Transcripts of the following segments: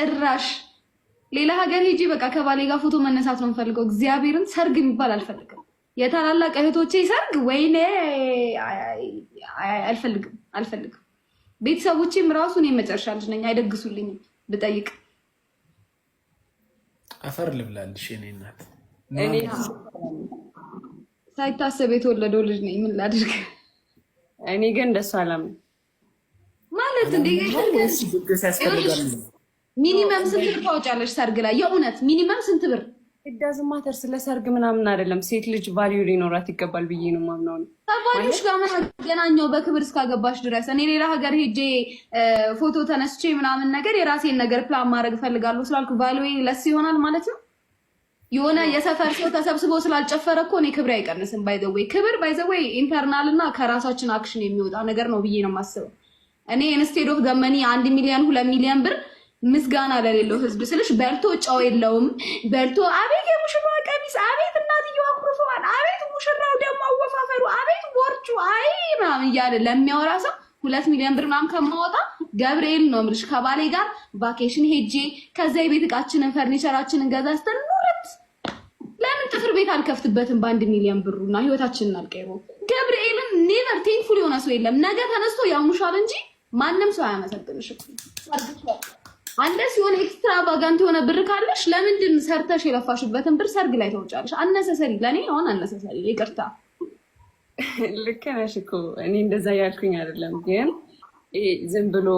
ጭራሽ ሌላ ሀገር ሄጂ በቃ ከባሌ ጋር ፎቶ መነሳት ነው የምፈልገው። እግዚአብሔርን ሰርግ የሚባል አልፈልግም። የታላላቅ እህቶቼ ሰርግ ወይኔ አልፈልግም አልፈልግም። ቤተሰቦቼም ራሱ እኔ መጨረሻ ልጅ ነኝ፣ አይደግሱልኝም ብጠይቅ አፈር ልብላልሽ የእኔ እናት። ሳይታሰብ የተወለደው ልጅ ነኝ ምን ላድርግ። እኔ ግን እንደሱ አላምንም ማለት እንዴ ሚኒመም ስንት ብር ታወጫለሽ ሰርግ ላይ? የእውነት ሚኒመም ስንት ብር ዳዝ ማተር ስለ ሰርግ ምናምን አይደለም። ሴት ልጅ ቫሊዩ ሊኖራት ይገባል ብዬ ነው ማምነው። ከቫሊዩሽ ጋር ምን አገናኘው? በክብር እስካገባሽ ድረስ እኔ ሌላ ሀገር ሄጄ ፎቶ ተነስቼ ምናምን ነገር የራሴን ነገር ፕላን ማድረግ እፈልጋለሁ ስላልኩ ቫሊዩ ለስ ይሆናል ማለት ነው። የሆነ የሰፈር ሰው ተሰብስቦ ስላልጨፈረ እኮ እኔ ክብሬ አይቀንስም። ባይዘወይ ክብር ባይዘወይ ኢንተርናል እና ከራሳችን አክሽን የሚወጣ ነገር ነው ብዬ ነው የማስበው እኔ ኢንስቴድ ኦፍ ገመኒ አንድ ሚሊዮን ሁለት ሚሊዮን ብር ምስጋና ለሌለው ህዝብ ስልሽ በልቶ ጨው የለውም በልቶ አቤት የሙሽራ ቀሚስ፣ አቤት እናትየዋ አኩርፈዋል፣ አቤት ሙሽራው ደግሞ አወፋፈሩ፣ አቤት ቦርጩ፣ አይ ምናምን እያለ ለሚያወራ ሰው ሁለት ሚሊዮን ብር ምናምን ከማወጣ ገብርኤል ነው የምልሽ ከባሌ ጋር ቫኬሽን ሄጄ ከዛ የቤት እቃችንን ፈርኒቸራችንን ገዛዝተን ኑረት። ለምን ጥፍር ቤት አልከፍትበትም በአንድ ሚሊዮን እና ህይወታችንን አልቀይሮ። ገብርኤልን ኔቨር ቴንክፉል የሆነ ሰው የለም። ነገ ተነስቶ ያሙሻል እንጂ ማንም ሰው አያመሰግንሽ። አንደስ የሆነ ኤክስትራቫጋንት የሆነ ብር ካለሽ ለምንድን ሰርተሽ የለፋሽበትን ብር ሰርግ ላይ ተውጫለሽ? አነሰሰሪ ለእኔ አሁን አነሰሰሪ። ይቅርታ ልክ ነሽ እኮ እኔ እንደዛ ያልኩኝ አይደለም፣ ግን ዝም ብሎ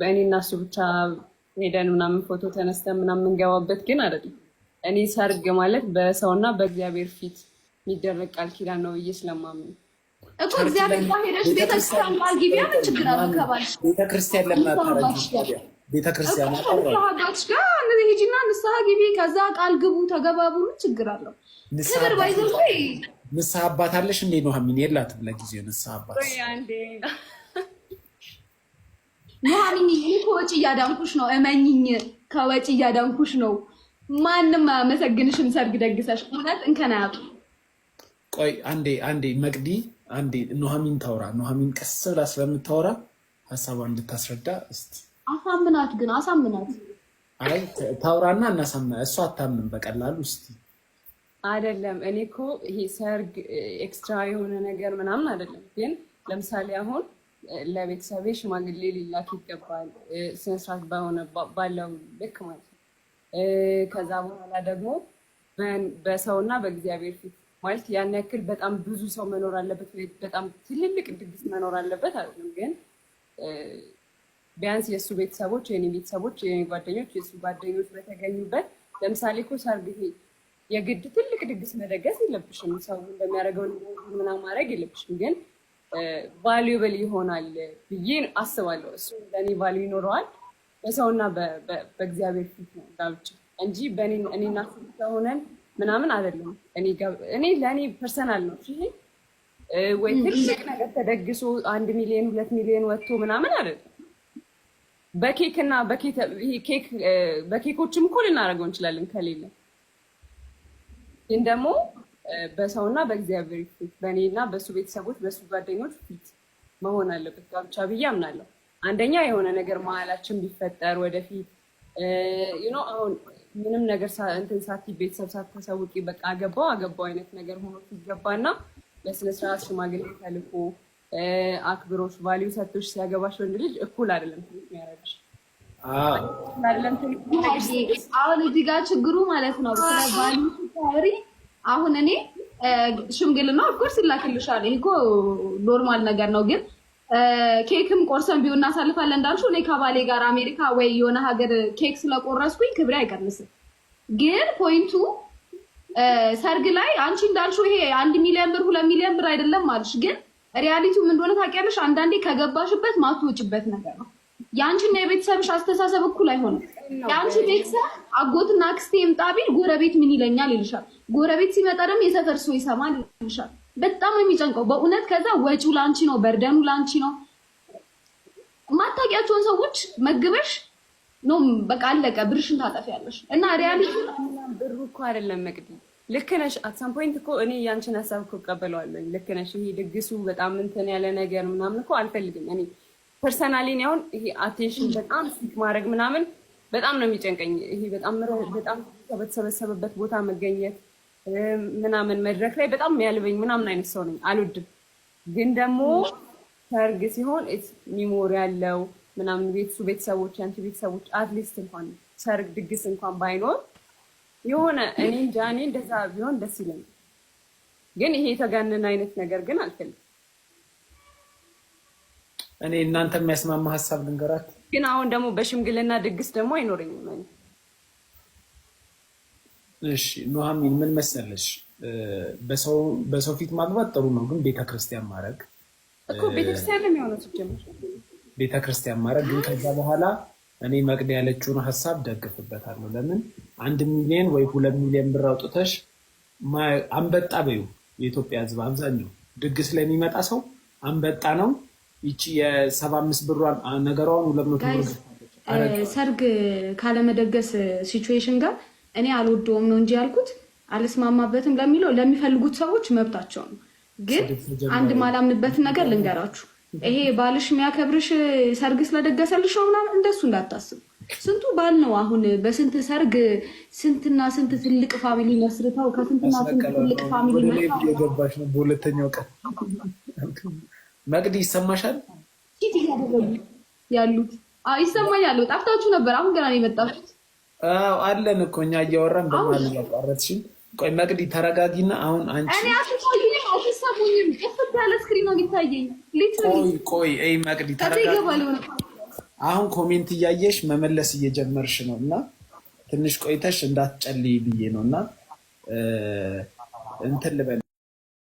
በእኔ እና ብቻ ሄደን ምናምን ፎቶ ተነስተን ምናምን የምንገባበት ግን አይደለም። እኔ ሰርግ ማለት በሰውና በእግዚአብሔር ፊት የሚደረግ ቃል ኪዳን ነው ብዬ ስለማምን እኮ እግዚአብሔር ጋር እነዚህ ንስሐ ግቢ፣ ከዛ ቃል ግቡ፣ ተገባቡ። ምን ችግር አለው? ክብር ባይዘ ንስሐ አባት አለሽ እንዴ? ኑሐሚን የላትም ለጊዜው ንስሐ አባት። ኑሐሚን ይህ ከወጪ እያዳንኩሽ ነው፣ እመኝኝ፣ ከወጪ እያዳንኩሽ ነው። ማንም አያመሰግንሽም ሰርግ ደግሰሽ እውነት እንከናያጡ። ቆይ አንዴ አንዴ መቅዲ አንዴ ኑሐሚን ታውራ። ኑሐሚን ቀስ ብላ ስለምታወራ ሀሳቧን እንድታስረዳ እስቲ አሳምናት። ግን አሳምናት። አይ ታውራና እናሳምና። እሷ አታምን በቀላሉ እስቲ አይደለም። እኔ እኮ ይሄ ሰርግ ኤክስትራ የሆነ ነገር ምናምን አይደለም። ግን ለምሳሌ አሁን ለቤተሰቤ ሽማግሌ ሊላክ ይገባል፣ ስነስርዓት በሆነ ባለው ልክ ማለት ነው። ከዛ በኋላ ደግሞ በሰውና በእግዚአብሔር ፊት ማለት ያን ያክል በጣም ብዙ ሰው መኖር አለበት ወይ በጣም ትልልቅ ድግስ መኖር አለበት አይደለም፣ ግን ቢያንስ የእሱ ቤተሰቦች የኔ ቤተሰቦች የኔ ጓደኞች የእሱ ጓደኞች በተገኙበት ለምሳሌ እኮ ሰርግ የግድ ትልቅ ድግስ መደገስ የለብሽም። ሰው እንደሚያደርገው ምናምን ማድረግ የለብሽም፣ ግን ቫሉብል ይሆናል ብዬ አስባለሁ። እሱ ለእኔ ቫሉ ይኖረዋል በሰውና በእግዚአብሔር ፊት ነው ጋብቻ እንጂ በእኔና ሆነን ምናምን አይደለም። እኔ ለእኔ ፐርሰናል ነው ወይ ትልቅ ነገር ተደግሶ አንድ ሚሊዮን ሁለት ሚሊዮን ወጥቶ ምናምን አይደለም። በኬክ እና በኬኮችም እኮ ልናደርገው እንችላለን። ከሌለ ግን ደግሞ በሰውና በእግዚአብሔር ፊት በእኔና በእሱ ቤተሰቦች በእሱ ጓደኞች ፊት መሆን አለበት ጋብቻ ብዬ አምናለሁ። አንደኛ የሆነ ነገር መሀላችን ቢፈጠር ወደፊት ዩ ኖ አሁን ምንም ነገር እንትን ሳቲ ቤተሰብ ሳታሳውቂ በቃ አገባው አገባው አይነት ነገር ሆኖ ሲገባና በስነስርዓት ሽማግሌ ተልኮ አክብሮች ቫሊዩ ሰቶች ሲያገባሽ ወንድ ልጅ እኩል አይደለም ትልቅ የሚያረግሽ አሁን እዚህ ጋር ችግሩ ማለት ነው። ቫሊዩ አሁን እኔ ሽምግልና ኦፍኮርስ ይላክልሻል። ይህ እኮ ኖርማል ነገር ነው ግን ኬክም ቆርሰን ቢሆን እናሳልፋለን። እንዳልሽው እኔ ከባሌ ጋር አሜሪካ ወይ የሆነ ሀገር ኬክ ስለቆረስኩኝ ክብሬ አይቀንስም። ግን ፖይንቱ ሰርግ ላይ አንቺ እንዳልሽው ይሄ አንድ ሚሊዮን ብር ሁለት ሚሊዮን ብር አይደለም አልሽ። ግን ሪያሊቲውም እንደሆነ ታውቂያለሽ፣ አንዳንዴ ከገባሽበት ማትወጭበት ነገር ነው። የአንቺና የቤተሰብሽ አስተሳሰብ እኩል አይሆንም። የአንቺ ቤተሰብ አጎትና አክስቴ ይምጣ ቢል ጎረቤት ምን ይለኛል ይልሻል። ጎረቤት ሲመጣ ደግሞ የሰፈር ሰው ይሰማል ይልሻል። በጣም ነው የሚጨንቀው በእውነት ከዛ ወጪው ላንቺ ነው፣ በርደኑ ላንቺ ነው። ማታውቂያቸውን ሰዎች መግበሽ ነው በቃ አለቀ፣ ብርሽን ታጠፊያለሽ። እና ሪያሊቲ ብሩ እኮ አይደለም መቅዲ ልክ ነሽ። አት ሳም ፖይንት እኮ እኔ ያንቺን ሀሳብ እኮ እቀበለዋለሁ። ልክ ነሽ። ይሄ ድግሱ በጣም እንትን ያለ ነገር ምናምን እኮ አልፈልግም እኔ ፐርሰናሊን ያሁን ይሄ አቴንሽን በጣም ሲክ ማድረግ ምናምን በጣም ነው የሚጨንቀኝ። ይሄ በጣም ምረ በጣም በተሰበሰበበት ቦታ መገኘት ምናምን መድረክ ላይ በጣም ያልበኝ ምናምን አይነት ሰው ነኝ፣ አልወድም። ግን ደግሞ ሰርግ ሲሆን ሚሞሪ ያለው ምናምን ቤተሱ ቤተሰቦች ያንቺ ቤተሰቦች አትሊስት እንኳን ሰርግ ድግስ እንኳን ባይኖር የሆነ እኔ እንጃ እኔ እንደዛ ቢሆን ደስ ይለኝ። ግን ይሄ የተጋነን አይነት ነገር ግን አልፈልግም። እኔ እናንተ የሚያስማማ ሀሳብ ልንገራት። ግን አሁን ደግሞ በሽምግልና ድግስ ደግሞ አይኖረኝም። እሺ ኑሐሚን ምን መሰለሽ፣ በሰው ፊት ማግባት ጥሩ ነው፣ ግን ቤተክርስቲያን ማድረግ ቤተክርስቲያን ማድረግ ግን ከዛ በኋላ እኔ መቅድ ያለችውን ሀሳብ ደግፍበታለሁ። ለምን አንድ ሚሊዮን ወይ ሁለት ሚሊዮን ብር አውጥተሽ አንበጣ በዩ የኢትዮጵያ ህዝብ አብዛኛው ድግስ ለሚመጣ ሰው አንበጣ ነው። ይቺ የሰባ አምስት ብሯን ነገሯን ሁለት መቶ ሰርግ ካለመደገስ ሲቹዌሽን ጋር እኔ አልወደውም ነው እንጂ ያልኩት አልስማማበትም ለሚለው ለሚፈልጉት ሰዎች መብታቸው ነው። ግን አንድ ማላምንበትን ነገር ልንገራችሁ። ይሄ ባልሽ የሚያከብርሽ ሰርግ ስለደገሰልሽ ነው ምናምን እንደሱ እንዳታስቡ። ስንቱ ባል ነው አሁን በስንት ሰርግ ስንትና ስንት ትልቅ ፋሚሊ መስርተው ከስንትና ስንት ትልቅ ፋሚሊ የገባሽ ነው። በሁለተኛው ቀን መቅዲ ይሰማሻል ያሉት ይሰማኛል። ጠፍታችሁ ነበር። አሁን ገና ነው የመጣችሁት። አለን እኮ እኛ እያወራን በማን እያቋረጥሽኝ? ቆይ መቅዲ ተረጋጊና፣ አሁን አንቺ ቆይ ቆይ መቅዲ አሁን ኮሜንት እያየሽ መመለስ እየጀመርሽ ነው እና ትንሽ ቆይተሽ እንዳትጨልይ ብዬ ነው እና እንትን ልበል